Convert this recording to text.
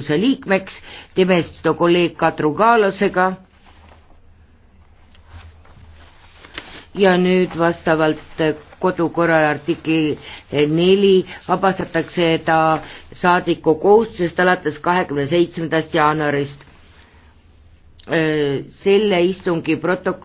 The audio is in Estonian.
valitsuse liikmeks, teeme seda kolleeg Kadri Kaalosega. ja nüüd vastavalt kodukorra artikli neli vabastatakse ta saadiku kohustusest alates kahekümne seitsmendast jaanuarist. selle istungi protokoll